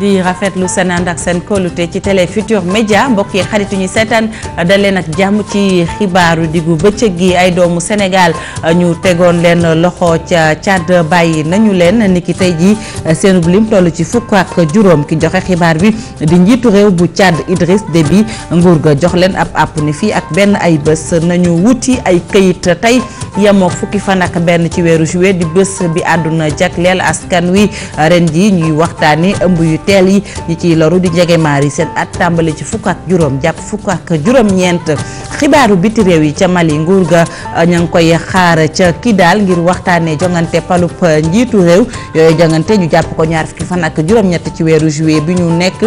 di rafetlu seen ànd ak seen kóolute ci télé Média mbokk yi xaritu ñu seetaan dal leen ak jàmm ci xibaaru diggu bëccëg gi ay doomu Sénégal ñu tegoon leen loxo ca Tchad bàyyi nañu leen ni ki tey jii seen lim toll ci fukk ak juróom ki joxe xibaar bi di njiitu réew bu Tchad Idriss Déby nguur ga jox leen ab àpp ni fii ak benn ay bés nañu wuti ay këyit tey yemook fukki fan ak benn ci weeru juillet di bés bi àdduna leel askan wi ren ji ñuy waxtaani ëmb teel yi ñi ciy loru di njegemaar yi seen at tàmbali ci fukk ak juróom jàpp fukk ak juróom-ñeent xibaaru biti réew yi ca Mali nguur ga euh, ña ngi koy xaar ca daal ngir waxtaanee jongante palu euh, njiitu réew yooyu jongante ñu jàpp ko ñaar fukki fan ak juróom-ñett ci weeru juillet bi ñu nekk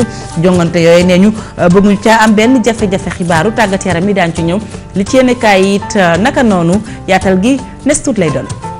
jongante yooyu nee ñu euh, bëgguñ caa am benn jafe-jafe xibaaru tàggat yaram yi daan ci ñëw li ci yéen kaay naka noonu yaatal gi nes lay doon.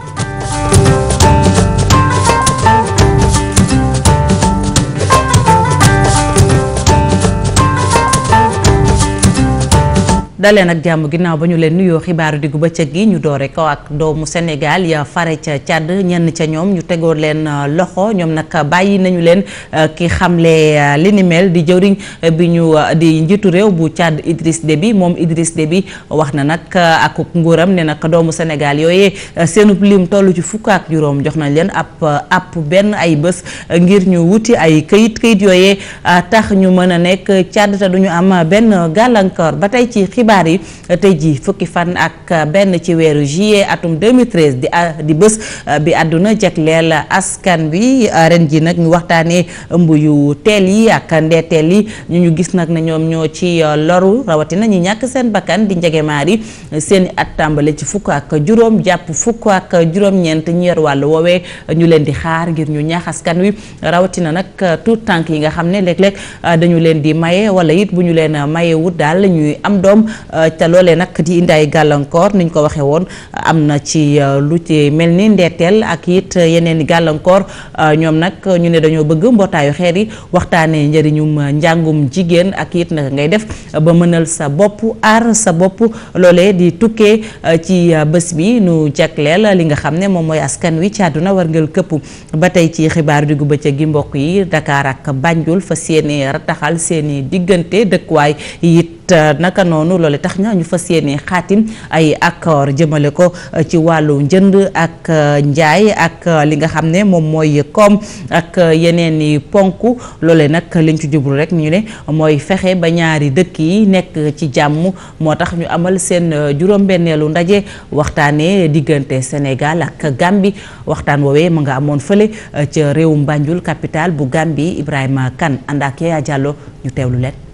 daleen ak jàmm ginnaaw ba ñu leen nuyoo xibaaru diggu bëccëg gi ñu doore ko ak doomu Sénégal ya fare ca càdd ñenn ca ñoom ñu tegoon leen euh, loxo ñoom nag bàyyi nañu leen euh, ki xamle euh, li ni di jëwriñ bi ñu di njiitu réew bu Tchad Idriss Déby moom Idriss Déby wax na nag ak nguuram ne nag doomu Sénégal yooyee seenub lim toll ci fukk ak juróom jox nañ leen ap ab benn ay bés ngir ñu wuti ay këyit këyit yooye atax ñu mën a nekk càdd te duñu am benn gàllankoor ba tey ci xibaar xibaar yi tey jii fukki fan ak euh, benn ci weeru juillet atum 2013 di euh, di bës euh, bi àdduna jagleel askan bi ren ji nag ñu waxtaanee ëmb yu teel yi ak ndeeteel yi ñu ñu gis nag ne ñoom ñoo ci loru rawatina ñi ñàkk seen bakkan di njegemaar yi seen at tàmbale ci fukk ak juróom jàpp fukk ak juróom-ñeent ñi yor wàllu woowee ñu leen di xaar ngir ñu ñaax wi rawatina nag tout tànk yi nga xam ne léeg-léeg dañu leen di maye wala it bu ñu leen mayewut daal ñuy am doom Euh, te loole nag di indi ay gàllankoor niñ ko waxee woon am na ci euh, lu ci mel ni ndeeteel ak it yeneen i gàllankoor euh, ñoom nag ñu ne dañoo bëgg mbootaayu xeer yi waxtaanee njëriñum njàngum jigéen ak it naka ngay def ba mënal sa bopp aar sa bopp loole di tukkee ci bés bi nu jagleel li nga xam ne moom mooy askan wi ci àdduna war ngel këpp ba tey ci xibaar diggu bëccëg gi mbokk yi Dakar ak Banjul fa seeni rataxal seeni diggante dëkkuwaay yi Euh, naka noonu loole tax nga ñu fas yéene xaatim ay accord jëmale ko euh, ci wàllu njënd ak euh, njaay ak li nga xam ne moom mooy koom ak yeneen i ponk loole nag liñ ci jublu rek ñu ne mooy fexe ba ñaari dëkk yi nekk ci jàmm moo tax ñu amal seen juróom-benneelu ndaje waxtaanee diggante Sénégal ak Gambie waxtaan woowee mu nga amoon fële ca réewum mbànjul capitale bu Gambie Ibrahima kan ànd ak Yaya Diallo ñu teewlu leen.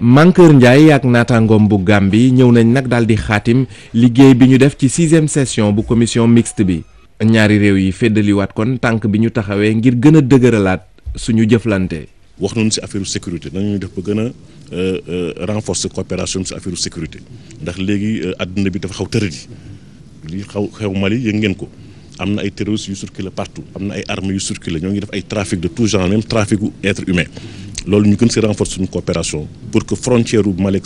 Mankeur Ndiaye ak naataangoom bu Gàmbi ñëw nañ nag daal di xaatim liggéey bi ñu def ci sixième session bu commission mixte bi ñaari réew yi féddaliwaat kon tànk bi ñu taxawee ngir gën a dëgëralaat suñu jëflante. wax nañu si affaire sécurité nañu def ba gën a euh, euh, renforcer coopération si affaire sécurité ndax léegi euh, àdduna bi dafa xaw tëradi li xaw xew Mali yëg ngeen ko. am na ay terroristes yu circulent partout am na ay armes yu circulent ñoo ngi def ay trafic de tout genre même trafic gu être humain loolu ñu gën si renforcer suñu coopération pour que frontière bu Mali ak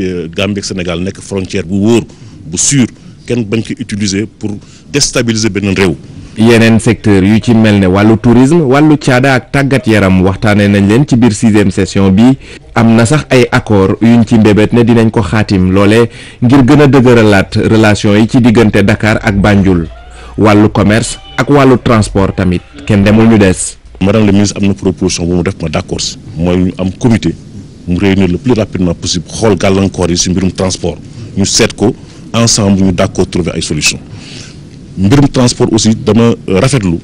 euh, Gambie ak Sénégal nekk frontière bu wóor bu sûr kenn bañ ko utiliser pour déstabiliser beneen réew. yeneen secteur yu ci mel ne wàllu tourisme wàllu caada ak tàggat yaram waxtaanee nañ leen ci biir sixième session bi am na sax ay accord yuñ ci mbébét ne dinañ ko xaatim loole ngir gën a dëgëralaat relation yi ci diggante ndakaar ak Banjul wàllu commerce ak wàllu transport tamit kenn demul ñu des. madame la ministre am na proposition bu mu def ma d'accord si mooy ñu am comité mu réunir le plus rapidement possible xool gàllankoor yi si mbirum transport ñu seet ko ensemble ñu d'accord trouver ay solution mbirum transport aussi dama euh, rafetlu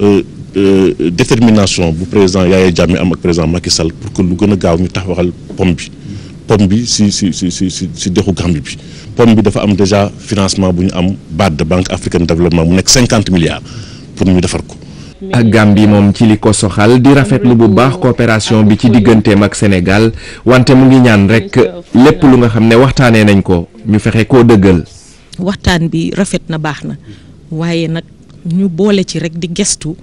euh, euh, détermination bu président Yaya Jammeh am ak président Macky Sall pour que lu gën a gaaw ñu taxawal pom bi pom bi si si si si si si dexu Gambie bi pom bi dafa am déjà financement bu ñu am BAD banque africaine de développement mu nekk cinquante milliards pour ñu defar ko ak Gambie moom ci li ko soxal di rafetlu bu baax coopération bi ci digganteem ak Sénégal wante mu ngi ñaan rek lépp lu nga xam ne waxtaanee nañ ko ñu fexe koo dëggal. waxtaan bi rafet na baax na waaye nag ñu boole ci rek di gestu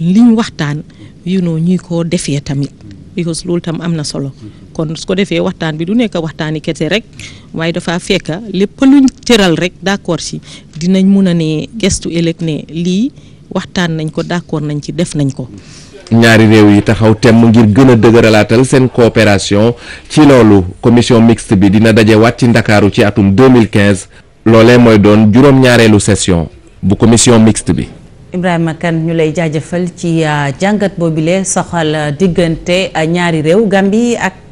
liñ waxtaan yu noo ñuy ko defee tamit because loolu tam am na solo kon su ko defee waxtaan bi du nekk waxtaani kete rek waaye dafa fekk lépp luñ tëral rek d'accord si dinañ mun a ne gestu ëllëg ne lii. waxtaan nañ ko d'accord nañ ci def nañ ko. ñaari réew yi taxaw temm ngir gën a dëgëralaatal seen coopération ci loolu commission mixte bi dina dajewaat ci ndakaaru ci atum 2015 loolee mooy doon juróom-ñaareelu session bu commission mixte bi. Ibrahima Kane ñu lay jaajëfal ci euh, jàngat boobile soxal euh, diggante euh, ñaari réew Gambie ak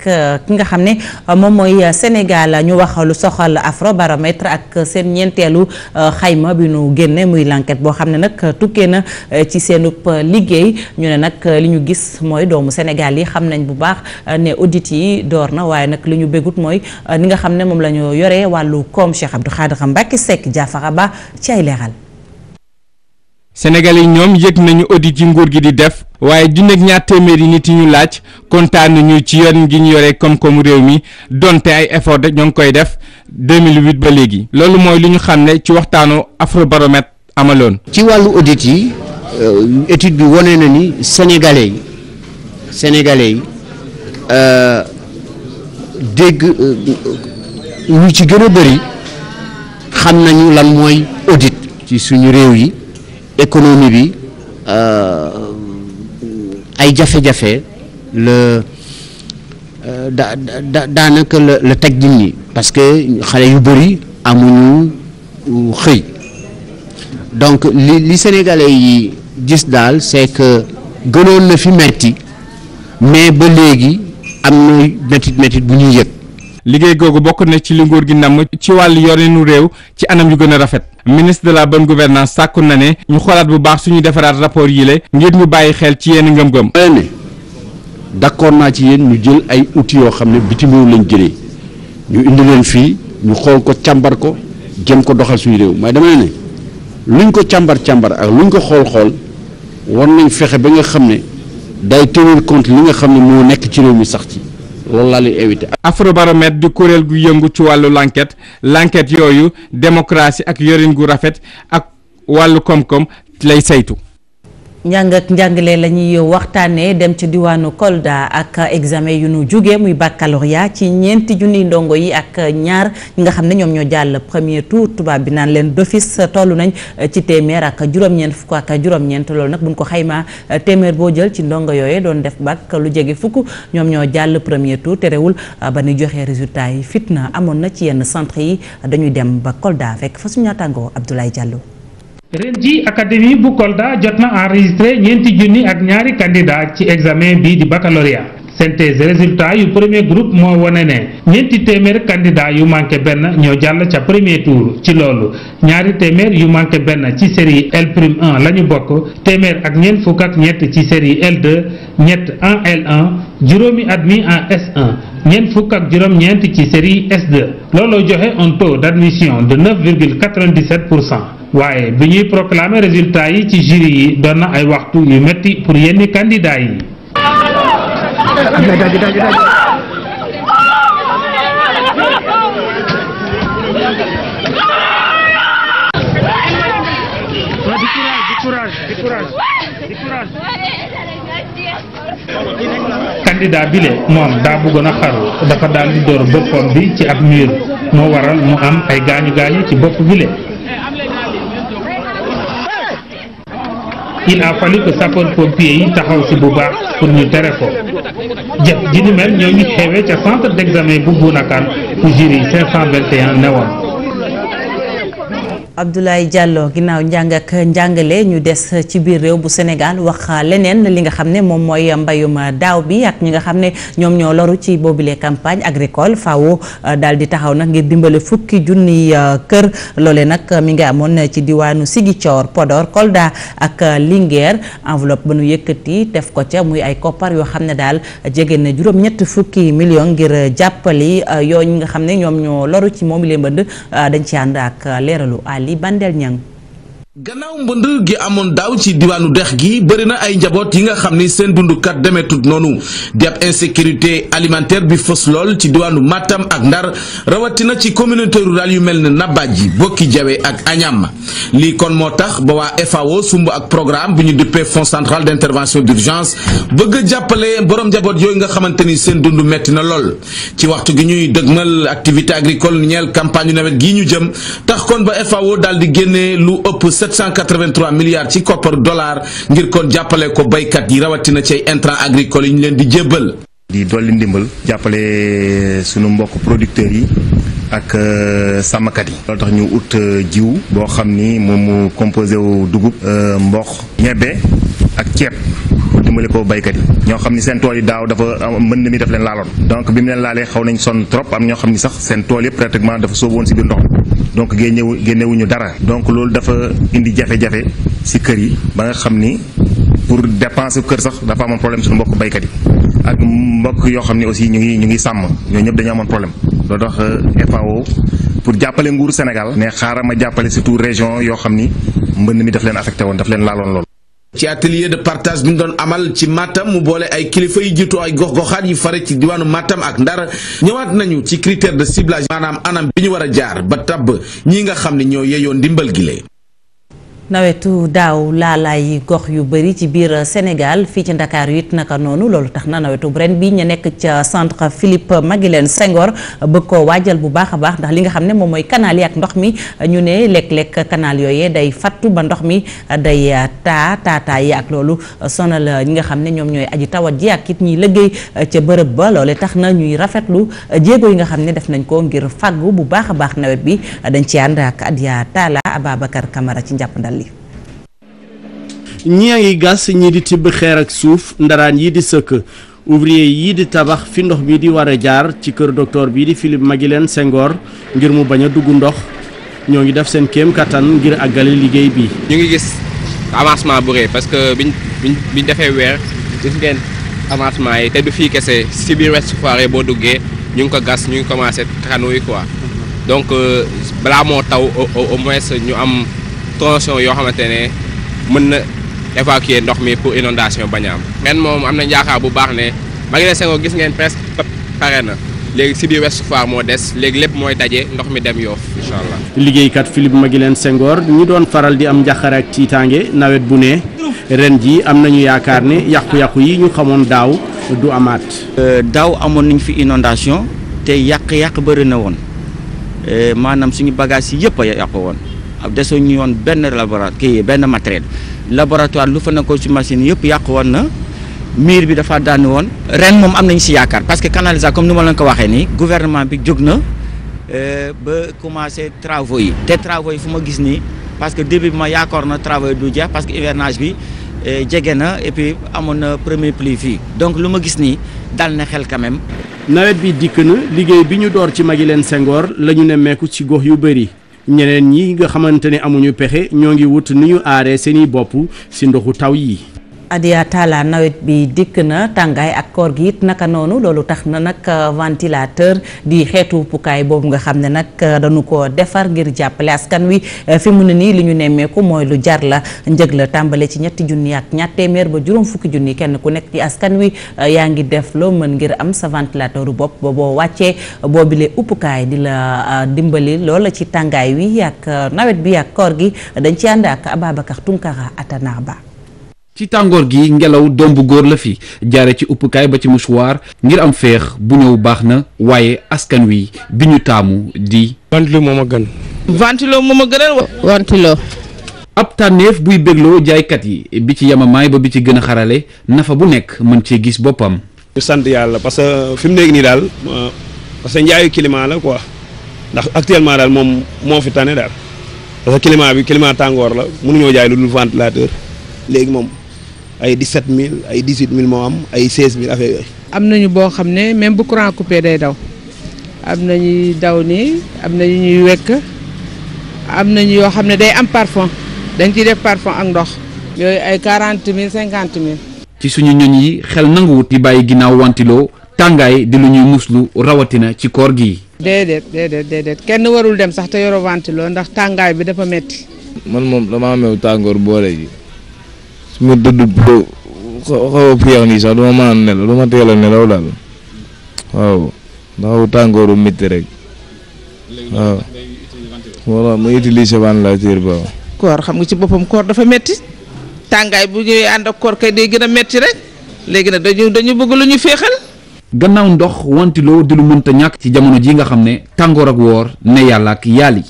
ki nga xam ne moom mooy Sénégal ñu wax soxal afro Afrobaromètre ak seen ñeenteelu xayma bi nu génne muy l'enquête boo xam ne nag tukkee na ci seenub liggéey ñu ne nag li ñu gis mooy doomu Sénégal yi xam nañ bu baax ne audit yi door na waaye nag li ñu bégut mooy ni nga xam ne moom la ñu yore wàllu koom Cheikh Abdou Khadra Mbacké Seck Diafara Ba ci ay leeral Sénégal yi ñoom yëg nañu audit yi nguur gi di def waaye junni ak ñaar téeméeri nit yi ñu laaj kontaan ñu ci yoon gi ñu yore koom-koomu réew mi donte ay effort de ñoo ngi koy def 2008 ba léegi. loolu mooy li ñu xam ne ci waxtaanu Afrobaromètre amaloon. ci wàllu audit yi euh, étude bi wone na ni sénégalais yi sénégalais yi euh, dégg euh, ñu ci gën a bëri xam nañu lan mooy audit ci suñu réew yi. économie bi euh, ay jafe-jafe la euh, da da daanaka la la teg nit ñi parce que xale yu bëri amuñu xëy donc li li sénégalais yi gis daal c'est que gënoon na fi metti mais ba léegi am na métit métit bu ñuy yëg. liggéey googu bokk na ci li nguur gi namm ci wàll wàllu yorinu réew ci anam yu gën a rafet. ministre de la bonne gouvernance sàkku na ne ñu xoolaat bu baax suñu defaraat rapport yi le ngir ñu bàyyi xel ci yenn ngëm-ngëm. ne d'accord naa ci yéen ñu jël ay outils yoo xam ne bitim réew lañ jëlee ñu indi fii ñu xool ko càmbar ko jëm ko doxal suñu réew mais dama ne luñ ko càmbar càmbar ak luñ ko xool xool war nañ fexe ba nga xam ne day tenir compte li nga xam ne moo nekk ci réew mi sax ci. loolu laa lay éviter. afrobaromètre di kuréel gu yëngu ci wàllu l'enquête l'enquête yooyu démocratie ak yorin gu rafet ak wàllu koom-koom lay saytu. njàng ak njàngale la ñuy waxtaanee dem ci diwaanu Kolda ak examen yu nu jugee muy baccalauréat ci ñeenti junniy ndongo yi ak ñaar ñi nga xam ne ñoom ñoo jàll premier tour tubaab bi naan leen d'office tollu nañ ci téeméer ak juróom-ñeent fukk ak juróom-ñeent loolu nag bu buñ ko xaymaa téeméer boo jël ci ndongo yooyu doon def bac lu jege fukk ñoom ñoo jàll premier tour terewul ah, ba nu joxee résultat yi fitna amoon na ci yenn centre yi dañuy dem ba Kolda fekk fa suñu naataangoo Abdoulaye Diallo. ren ji académie bu Kolda jot na enregistré ñeenti junni ak ñaari candidat ci examen bii di baccalauréat synthèse résultat yu premier groupe moo wane ne ñeenti téeméer candidat yu manqué benn ñoo jàll ca premier tour ci loolu ñaari téeméer yu manqué benn ci série L prime 1 la ñu bokk téeméer ak ñeent fukk ak ci série L2 ñett en L1 juróomi admis en S1 ñeent fukk ak juróom-ñeent ci série S2 looloo joxe un taux d'admission de pour cent waaye bi ñuy proclamer résultat yi ci jury yi doon na ay waxtu yu metti pour yenn kandidaa yi. bile moom daa bëggoon a xaru dafa daal di door boppam bi ci ab mur moo waral mu am ay gaañu gaañu ci bopp bile. il a fallu que sapeurs-pompiers yi taxaw si bu baax pour ñu tere ko jëf ji ni mel ñoo ngi xewee ca centre d'examen bu Bunakan bu jury 521 newoon Abdoulaye jàlloo ginnaaw njàng ak njàngale ñu des ci biir réew bu Sénégal wax leneen li nga xam ne moom mooy mbayum daaw bi ak ñi nga xam ne ñoom ñoo loru ci boobile campagne agricole faaw euh, daal di taxaw nag ngir dimbale fukki junniy euh, kër loole nag euh, mi ngi amoon ci diwaanu Ziguinchor Podor Kolda ak Linguère enveloppe ba nu yëkkati def ko ca muy ay koppar yoo xam ne daal jege na juróom fukki million ngir jàppali yoo ñi nga xam ne ñoom ñoo loru ci moom lee mbënd dañ ci ànd ak leeralu Ali Bandel Niang gannaaw mbënd gi amoon daaw ci diwaanu dex gi bëri na ay njaboot yi nga xam ni seen dundukat demeetut noonu di ab insécurité alimentaire bi fës lool ci diwaanu Matam ak Ndar rawatina ci communauté rurale yu mel ne Nabaji Bokki jawee ak ma lii kon moo tax ba waa FAO sumb ak programme bu ñu dëppee fonds centrale d'intervention d'urgence bëgg a jàppale borom njaboot yooyu nga xamante ni seen dund metti na lool ci waxtu gi ñuy dëgmal activité agricole ñeel campagne nawet gii ñu jëm 783 milliards ci koppar dollar ngir kon jàppale ko baykat yi rawatina ci ay intrants agricoles yi ñu leen di jébbal. di dolli ndimbal jàppale sunu mbokk producteurs yi ak euh, sàmmkat yi. loolu tax ñu ut euh, jiw boo xam ni moom mu composé wu dugub. Euh, mboq ñebe ak ceeb. dimbali ko baykat yi ñoo xam ni seen tool yi daaw dafa ah, mbënd mi daf leen laaloon donc bi mu leen laalee xaw nañ sonn trop am ñoo xam ni sax seen tool yëpp pratiquement dafa sóoboon si biir ndox donc génnewuñu dara donc loolu dafa indi jafe-jafe si kër yi ba nga xam ni pour dépense kër sax dafa amoon problème suñu mbokk baykat yi ak mbokk yoo xam ne aussi ñu ngi ñu ngi sàmm ñooñu ñëpp dañu amoon problème loolu tax euh, FAO pour jàppale nguuru Sénégal ne xaaral ma jàppale yoo xam ni mbënd mi daf leen ci atelier de partage bi ñu doon amal ci Matam mu boole ay kilifa yi jiitu ay gox-goxaat yi fare ci diwaanu Matam ak ndara ñëwaat nañu ci critère de ciblage maanaam anam bi ñu war a jaar ba tabb ñi nga xam ne ñoo yeyoo ndimbal gi nawetu daaw laalaay gox yu bëri ci biir Sénégal fii ci Ndakaaru it naka noonu loolu tax na nawetu ren bi ñu nekk ca centre Philippe Maguilène Senghor bëgg koo waajal bu baax a baax ndax li nga xam ne moom mooy canal ndox mi ñu ne lekk-lekk canal day fattu ba ndox mi day taa yi ak loolu sonal ñi nga xam ne ñoom ñooy aji tawat ji ak it ñiy liggéey ca bërëb ba loole tax na ñuy rafetlu jéego yi nga xam ne def nañ ko ngir fàggu bu baax a baax nawet bi dañ ci ànd ak Adia Talla Ababacar Camara ci njàppandal ñii a ngi gas ñii di tibb xeer ak suuf ndaraan yi di sëkk ouvrier yii di tabax fi ndox mi di war a jaar ci kër docteur bii di Philippe leen Senghor ngir mu bañ a dugg ndox ñoo ngi def seen kéem kattan ngir àggale liggéey bi. ñu ngi gis avancement bu rëy parce que biñ biñ biñ defee weer gis ngeen avancement yi te du fii kese si biir Ouest Foire boo duggee ñu ngi ko gas ñu ngi commencé canaux yi quoi donc euh, balaa moo taw au moins ñu am tension yoo xamante ne évacuer ndox mi pour inondation bañ am ren moom am na yaakaar bu baax ne Maguette Senghor gis ngeen presque pare na léegi si biir Ouest Foire moo des léegi lépp mooy daje ndox mi dem Yoff incha allah. liggéeykat Philippe Maguilen Senghor ñi doon faral di am njaqare ak tiitaange nawet bu ne ren ji am nañu yaakaar ne yàqu-yàqu yi ñu xamoon daaw du amaat. Euh, daaw amoon nañ fi inondation te yàq-yàq bëri na woon euh, maanaam suñu bagage yi yëpp a yàqu woon. dese ñu yoon benn laboratoire kii benn matériel laboratoire lu fa nekkoon ci machine yëpp yàqu woon na miir bi dafa daanu woon ren moom am nañ si yaakaar parce que canalisation comme ni ma leen ko waxee nii gouvernement bi jóg na euh, ba commencé travaux yi te travaux yi fu ma gis nii parce que début bi ma yaakaar na travaux yi du jeex parce que hivernage bi euh, jege na et puis amoon na premier pluie fii donc lu ma gis nii dal na xel quand même. nawet bi dikk na liggéey bi ñu door ci Maguilène Senghor la ñu nemmeeku ci gox yu bëri. ñeneen ñi nga xamante ne amuñu pexe ñoo ngi wut ni ñu aaree seeni bopp si ndoxu taw yi Adia Talla nawet bi dikk na tàngaay ak koor gi it naka noonu loolu tax na nag euh, ventilateur di xeetu pukaay boobu nga xam ne nag euh, dañu ko defar ngir jàppale askan wi euh, fi mu ne nii li ñu nemmeeku mooy lu jar la njëg la tàmbale ci ñetti junni ak ñaar téeméer ba juróom fukki junni kenn ku nekk ci askan wi yaa ngi def loo mën ngir am sa ventilateur bopp ba boo wàccee boobile uppukaay di la ndimbali loola ci tàngaay wi ak nawet bi ak koor gi dañ ci ànd ak Ababacar ci tàngoor gi ngelaw doom bu góor la fi jaare ci uppukaay ba ci mouchoir ngir am feex bu ñëw baax na waaye askan wi bi ñu taamu di. ventilo moom a gën. ventilo moo ma gënal. ventilo. ab tànneef buy bégloo jaaykat yi bi ci yamamaay ba bi ci gën a xarale nafa bu nekk mën cee gis boppam. ñu sant yàlla parce que fi mu nekk nii daal parce que njaayu climat la quoi ndax actuellement daal moom moo fi tane daal parce que bi climat tàngoor la mënuñoo jaay lu dul ventilateur léegi moom. ay 17000 ay 18000 moo am ay 16000 affaire yooyu. am nañu boo xam ne même bu courant coupé day daw am nañuy daw nii am nañu ñuy wekk am nañu yoo xam ne day am parfum dañ ciy def parfum ak ndox. yooyu ay cinquante 50000. ci suñu ñoñ yi xel nanguwut di bàyyi ginnaaw wantiloo tàngaay di lu ñuy muslu rawatina ci koor gi. déedéet déedéet kenn warul dem sax te yoro wantiloo ndax tàngaay bi dafa metti man moom damaa meew tàngoor boole ji. su ma dëdd ba xaw a féex nii sax duma mën a nelaw duma teel nelaw daal waaw ndax tàngooru metti rek waaw voilà ma utiliser ventilateur ba koor xam nga ci boppam koor dafa metti tàngaay bu ñuy ànd ak koor kay day gën a metti rek léegi nag dañu dañu bëgg lu ñu féexal gannaaw ndox wantiloo di lu mënta ñàkk ci jamono ji nga xam ne tàngoor ak woor ne yàlla ak yàlla yi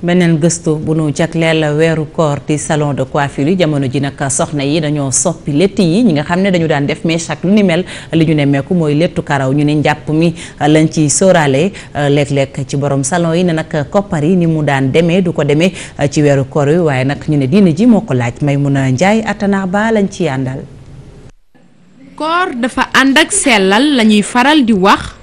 beneen gëstu bu nu jagleel weeru koor di salon de coiffure yi jamono ji nag soxna yi dañoo soppi létt yi ñi nga xam ne dañu daan def mèche ak lu ni mel li ñu nemmeeku mooy létt karaw ñu ne njàpp mi lañ ci sóoraale euh, léeg lekk ci borom salon yi ne nag koppar yi ni mu daan demee du ko demee euh, ci weeru koor yi waaye nag ñu ne diina ji moo ko laaj may mun a njaay attanaax baa lañ ci àndal koor dafa ànd ak sellal lañuy faral di wax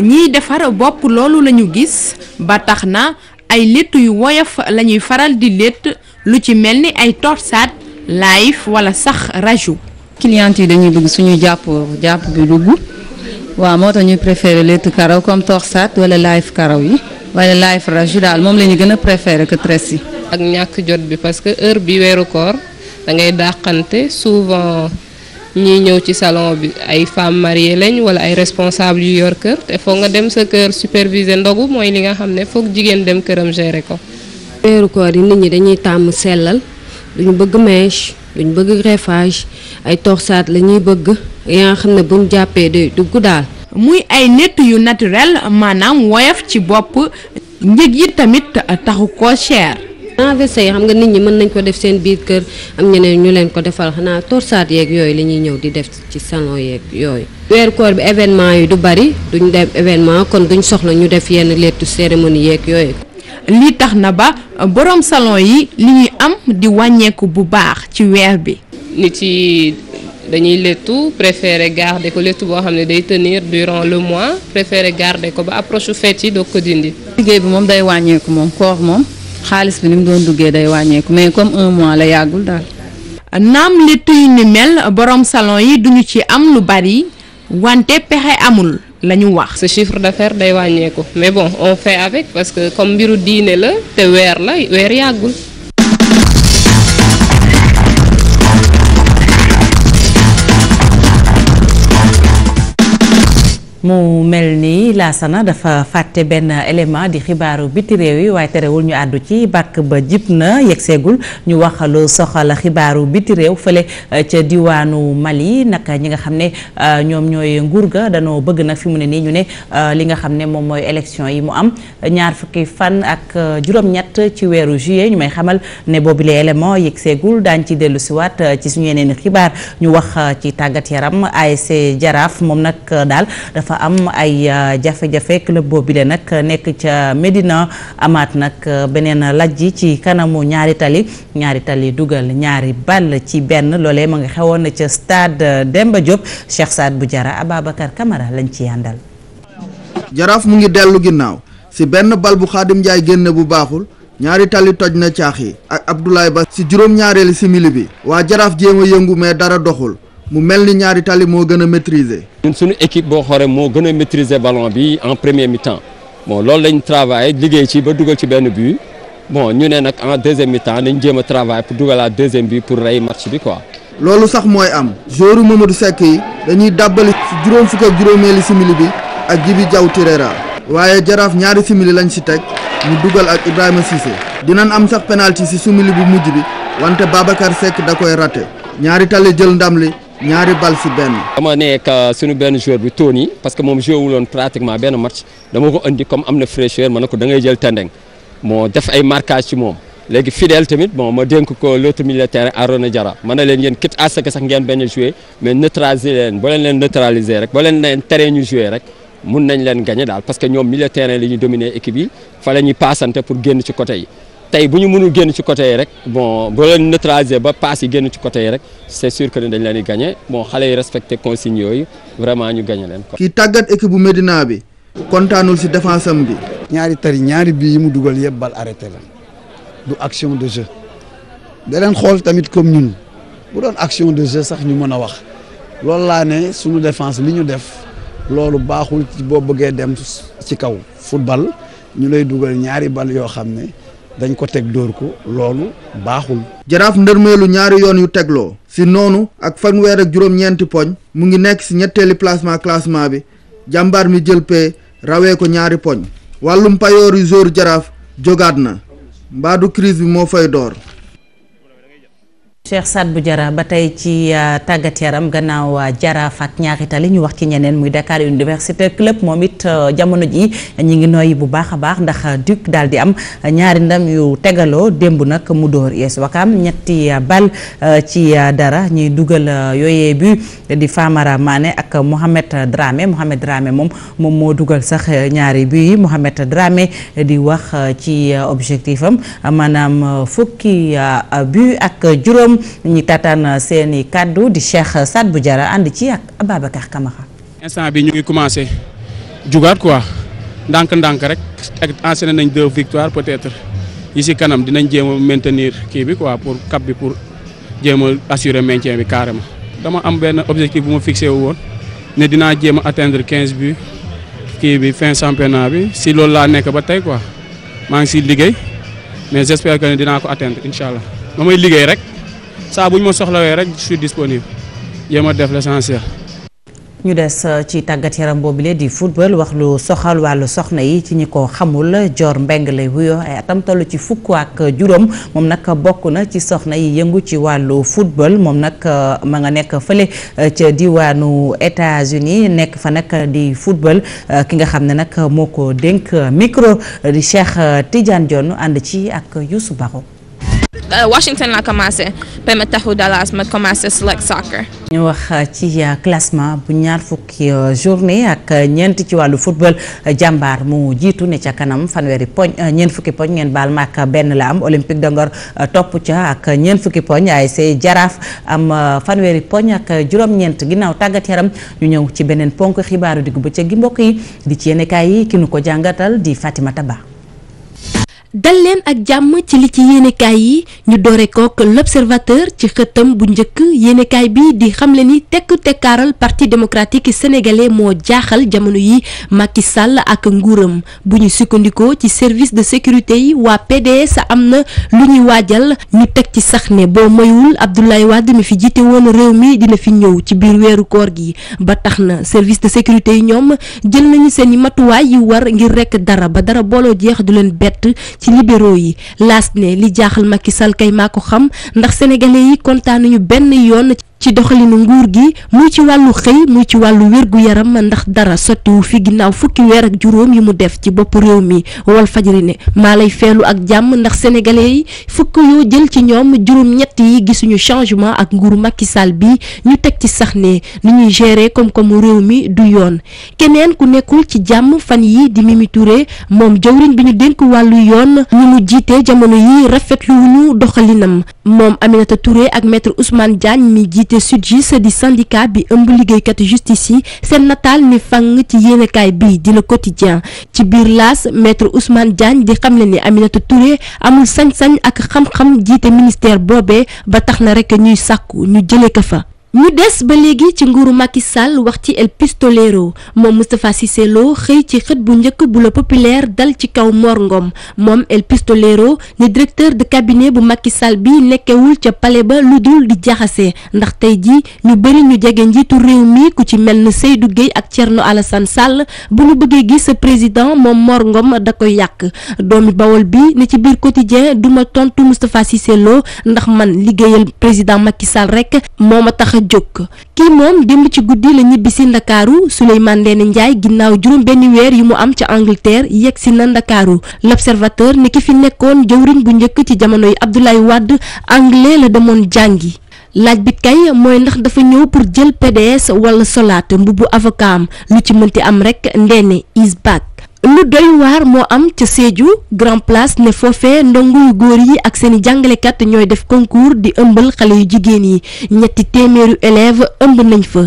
ñiy defar bopp loolu lañu gis ba tax na ay létt yu woyof la ñuy faral di létt lu ci mel ni ay torsaat live wala sax raju clientes yi dañuy dugg suñu jàpp jàpp bi dugg waaw moo tax ñu préféré létt karaw comme torsaat wala live karaw yi wala live raju daal moom la ñu gën a préféré que tresse yi. ak ñàkk jot bi parce que heure bi weeru koor da ngay dàqante souvent. ñiy ñëw ci salon bi ay femmes mariées lañ wala ay responsables yu yor kër te foog nga dem sa kër superviser ndogu mooy li nga xam ne foog jigéen dem këram gérer ko. weeru yi nit ñi dañuy tàmm sellal duñu bëgg mèche duñu bëgg greffage ay torsaat la ñuy bëgg yaa nga xam ne bu jàppee day dugg daal. muy ay nett yu naturel maanaam woyof ci bopp njëg yi tamit taxu ko cher. renversé yi xam nga nit ñi mën nañ ko def seen biir kër am ñeneen ñu leen ko defal xanaa torsaat yeeg yooyu la ñuy ñëw di def ci salon yeeg yooyu. weeru koor bi événement yi du bari duñ dem événement kon duñ soxla ñu def yenn lettu cérémonie yeeg yooyu. lii tax na ba boroom salon yi li ñuy am di wàññeeku bu baax ci weer bi. nit yi dañuy lettu préférer garder ko lettu boo xam ne day tenir durant le mois préférer garder ko ba approche fet yi doog ko dindi. liggéey bi moom day wàññeeku moom koor moom. xaalis bi ni mu doon duggee day wàññeeku mais comme un mois la yàggul daal. naam létt yu ni mel borom salon yi duñu ci am lu bari wante pexe amul la ñu wax. ce chiffre d'affaires day wàññeeku mais bon on fait avec parce que comme mbiru diine la te weer la weer yàggul. mu mel ni laasana dafa fàtte benn élément di xibaaru biti réew yi waaye terewul ñu àddu ci bàkk ba jib na yegseegul ñu wax lu soxal xibaaru biti réew fële eh, ca diwaanu Mali nag ñi nga xam ne eh, ñoom ñooy nguur ga danoo bëgg nag fi mu ne nii ñu ne eh, li nga xam ne moom mooy élection yi mu am ñaar fukki fan ak juróom-ñett ci weeru juillet ñu may xamal ne boobu boobule élément yegseegul daañ ci dellu siwaat ci suñu yeneen xibaar ñu wax ci tàggat yaram ASC Jaraaf moom nag daal dafa am ay euh, jafe-jafe club boobile nag nekk ca Medina amaat nag euh, beneen lajji ci kanamu ñaari tali ñaari tali dugal ñaari ball ci benn loolee ma nga xewoon na ca stade euh, Demba Diop Cheikh Saad bu Jara Ababacar Camara lañ ci yàndal jaraaf mu ngi dellu ginnaaw si benn bal bu Xaadim Njaay génne bu baaxul ñaari tali toj na caax yi ak Abdoulaye Ba ci juróom-ñaareeli simili bi waa jaraaf jéem yëngu mais dara doxul mu mel ni ñaari tali moo gën a maîtriser. ñun suñu équipe boo xoolee moo gën a maîtriser ballon bi en premier mi-temps loolu lañ travaillé liggéey ci ba dugal ci benn but bon ñu ne nag en deuxième mi dañ jéem a travaillé pour dugalaat deuxième but pour rey match bi quoi. loolu sax mooy am. joueur Mamadou Seck yi dañuy dàbbali juróom fukk ak juróomeeli simili bi ak Jibi Jaw Tirera. waaye jaraaf ñaari simili lañ si teg mu dugal ak Ibrahima Cissé dinañ am sax penalti si simili bu mujj bi wante Babacar Seck da koy ñaari tali jël ndam li. ñaari bal si benn. dama nekk suñu benn joueur bi Tony parce que moom joué wu loon benn match dama ko indi comme am na fraîcheur ma ne ko da ngay jël Tendeng moo def ay marquage ci moom léegi Fidèle tamit bon ma dénk ko l'autre milieu de terrain Arona Diarra ma ne leen yéen quitte à ce que sax ngeen bañ a mais neutraliser leen boo leen leen leen leen terrain ñu joué rek. mun nañ leen gagné daal parce que ñoom milieu terrain la ñuy dominer équipe yi fa la ñuy paasante pour génn ci côté tey bu ñu mënul génn ci côté yi rek bon boo leen neutraliser ba paas yi génn ci côté yi rek c'est sûr que dañ leen di gagné bon xale yi respecté consignes yooyu vraiment ñu gagné leen ko kii tàggat équipe bu Médina bi kontaanul si défense am bi. ñaari tari ñaari bii yi mu dugal yëpp bal arrêté la du action de jeu da xool tamit comme ñun bu doon action de jeu sax ñu mën a wax loolu laa ne suñu défense li ñu def loolu baaxul boo bëggee dem ci kaw football ñu lay dugal ñaari bal yoo xam ne. dañ ko teg dóor ko loolu baaxul. jaraaf ndërmeelu ñaari yoon yu tegloo. si noonu ak fanweer ak juróom-ñeenti poñ mu ngi nekk si ñetteeli placement classement bi jàmbaar mi jël pee rawee ko ñaari poñ. wàllum payooru jour jaraaf jógaat na mbaadu crise bi moo fay door. Cheikh Sadbou Diarra ba tey ci euh, tàggat yaram gannaaw jaraaf euh, ak ñaari tali ñu wax ci ñeneen muy Dakar Université Club moom it euh, jamono ji ñu ngi noyyi bu baax a baax ndax Duc daal di am ñaari ndam yu tegaloo démb nag mu dóor US Ouakam ñetti bal ci dara ñuy dugal yooyee bu di Famara maane ak Mohamed Dramé Mohamed Dramé moom moom moo dugal sax ñaari bu yi Mohamed Dramé di wax ci objectif am fukki bu ak juróom mi ñu taataan seen i kàddu di Cheikh Saad Bou Diarra ànd ci ak Ababacar Camara. instant bi ñu ngi commencé jugaat quoi ndànk-ndànk rek ak enchaîné nañ deux victoires peut-être yi si kanam dinañ jéem a maintenir kii bi quoi pour cap bi pour jéem a assurer maintien bi carrément. dama am benn objectif bu ma fixé wu woon ne dinaa jéem a atteindre quinze buts kii bi fin championnat bi si loolu laa nekk ba tey quoi maa ngi siy liggéey mais j'espère que ne dinaa ko atteindre incha allah saa bu ñu ma soxlawee rek je suis disponible jéem a def l'essentiel. ñu des euh, ci tàggat yaram boobule di football wax lu soxal wàllu soxna yi ci ñi ko xamul Dior Mbengue lay wuyoo ay atam toll ci fukk ak juróom moom nag bokk na ci soxna yi yëngu ci wàllu football moom nag euh, ma nga nekk fële euh, ca diwaanu États-Unis nekk fa nag di football ki nga xam ne nag moo ko dénk micro di Cheikh Tidiane jonn ànd ci ak Youssou Baro Euh, Washington laa commencé ba ma taxu Dallas ma commencé select soccer. ñu wax euh, ci euh, classement bu ñaar fukki journée ak ñeent ci wàllu football jàmbaar mu jiitu ne ca kanam fanweeri poñ ñeent fukki poñ ngeen baal ma benn la am Olympique de topp ca ak ñeent fukki poñ Jaraaf am fanweeri poñ ak juróom-ñeent ginnaaw tàggat yaram ñu ñëw ci beneen ponk xibaaru digg ca gi mbokk yi di ci yenn yi ki nu ko jàngatal di Fatimata Ba. dal leen ak jàmm ci li ci yéenekaay yi ñu doore kook l'observateur ci xëtam bu njëkk yéenekaay bi di xamle ni tekk tekkaaral parti démocratique sénégalais moo jaaxal jamono yi Macky sàll ak nguuram bu ñu sukkandikoo ci service de sécurité yi waa PDS am na lu ñuy waajal ñu teg ci sax ne boo moyul Abdoulaye Wade mi fi jiite woon réew mi dina fi ñëw ci biir weeru koor gi ba tax na service de sécurité yi ñoom jël nañu seen i matuwaay yi war ngir rekk dara ba dara booloo jeex du leen bett ci libéraux yi laas ne li jaaxal Macky sal kay maa ko xam ndax sénégalais yi kontaan ñu benn yoon. ci ci doxalinu nguur gi muy ci wàllu xëy muy ci wàllu wérgu yaram ndax dara sottiwu fi ginnaaw fukki weer ak juróom yi mu def ci bopp réew mi faj Fadjri ne maa lay feelu ak jàmm ndax sénégalais yi fukk yoo jël ci ñoom juróom ñett yi gisuñu changement ak nguuru Macky Sall bi ñu teg ci sax ne ni ñuy gérer koom-koomu réew mi du yoon keneen ku nekkul ci jàmm fan yi di Mimi Touré moom jawriñ bi ñu dénk wàllu yoon ñu mu jiite jamono yi rafetluwuñu doxalinam moom Aminata Touré ak maître Ousmane Diagne mi njiite SYTJUST di syndicat bi ëmb liggéeykat justice yi seen nataal ni fang ci yéenekaay bii dina Le Quotidien ci biir laas maître Ousmane Diagne di xam xamle ni Aminata Touré amul sañ-sañ ak xam-xam jiite ministère boobee ba tax na rek ñuy sàkku ñu jëlee ko fa. ñu des ba léegi ci nguuru Macky Sall wax ci El Pistolero moom Moustapha Cissé xëy ci xët bu njëkk bu la populaire dal ci kaw Mor moom El Pistolero ni directeur de cabinet bu Macky Sall bi nekkewul ca pale ba lu dul di jaxase ndax tey ji ñu bëri ñu jege njiitu réew mi ku ci mel ni Seydou Guèye ak Thierno Alassane Sall bu ñu bëggee gis sa président moom Mor Ngom da koy yàq doomi Bawol bi ni ci biir quotidien duma tontu Moustapha Cissé Lo ndax man liggéeyal président Macky Sall rek a jóg kii moom démb ci guddi la ñibbi si ndakaaru Souleymane Ndéné Ndiaye ginnaaw juróom benn weer yi mu am ca Angleterre yegg si na ndakaaru l'observateur ne ki fi nekkoon jëwriñ bu njëkk ci jamono yi Abdoulaye Wade anglais la demoon jàngi laaj bi kay mooy ndax dafa ñëw pour jël PDS wala solaat mbubbu avocat am lu ci mënti am rek Ndéné is back lu doy waar moo am ca Sédhiou Grand Place ne foofee ndongo yu góor yi ak seen i jàngalekat ñooy def concours di ëmbal xale yu jigéen yi ñetti téeméeru élèves ëmb nañ fa.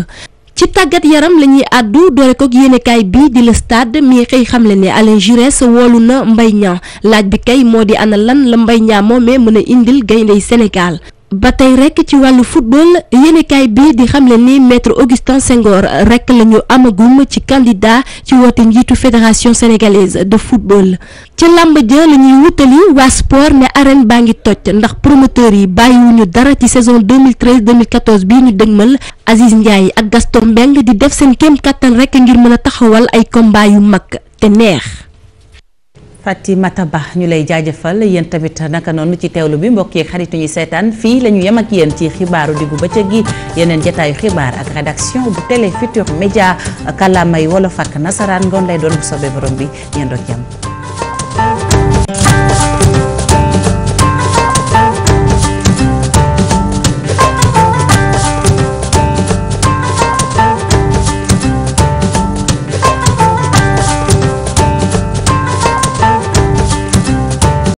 ci tàggat yaram la ñuy àddu doore kook yéenekaay bii di le stade mi xëy xamle ne Alain Giresse woolu na mbay Niang laaj bi kay moo di ana lan la Mbaye Niang moomee mën a indil gayndey Sénégal ba tey rek ci wàllu football yéenekaay bi di xamle ni maître Augustin Senghor rekk la ñu amagum ci candidat ci woote njiitu fédération sénégalaise de football ca làmb ja la ñuy wutali waa sport ne arène baa ngi toj ndax promoteur yi bàyyi ñu dara ci saison 2013 2014 bii ñu dëgmal Aziz Ndiaye ak Gaston Mbengue di def seen kéem kattan rek ngir mën a taxawal ay combat yu mag te neex. Fatimata Ba ñu lay jaajëfal yéen tamit naka noonu ci teewlu bi mbokk yeeg xarit ñuy seetaan fii la ñu yem ak yéen ci xibaaru diggu bëccëg gi yeneen jataayu xibaar ak rédaction bu Télé Futurs Médias kàllaamay wolof ak nasaraan ngoon lay doon bu soobee borom bi yéen doon jàmm.